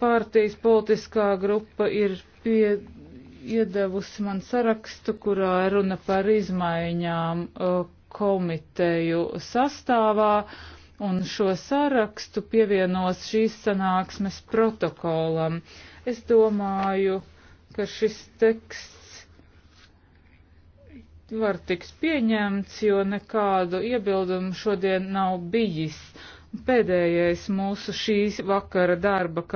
partijas politiskā grupa ir pie, iedevusi man sarakstu, kurā runa par izmaiņām uh, komiteju sastāvā, un šo sarakstu pievienos šīs sanāksmes protokolam. Es domāju, ka šis teksts var tiks pieņemts, jo nekādu iebildumu šodien nav bijis. Pēdējais mūsu šīs vakara darba.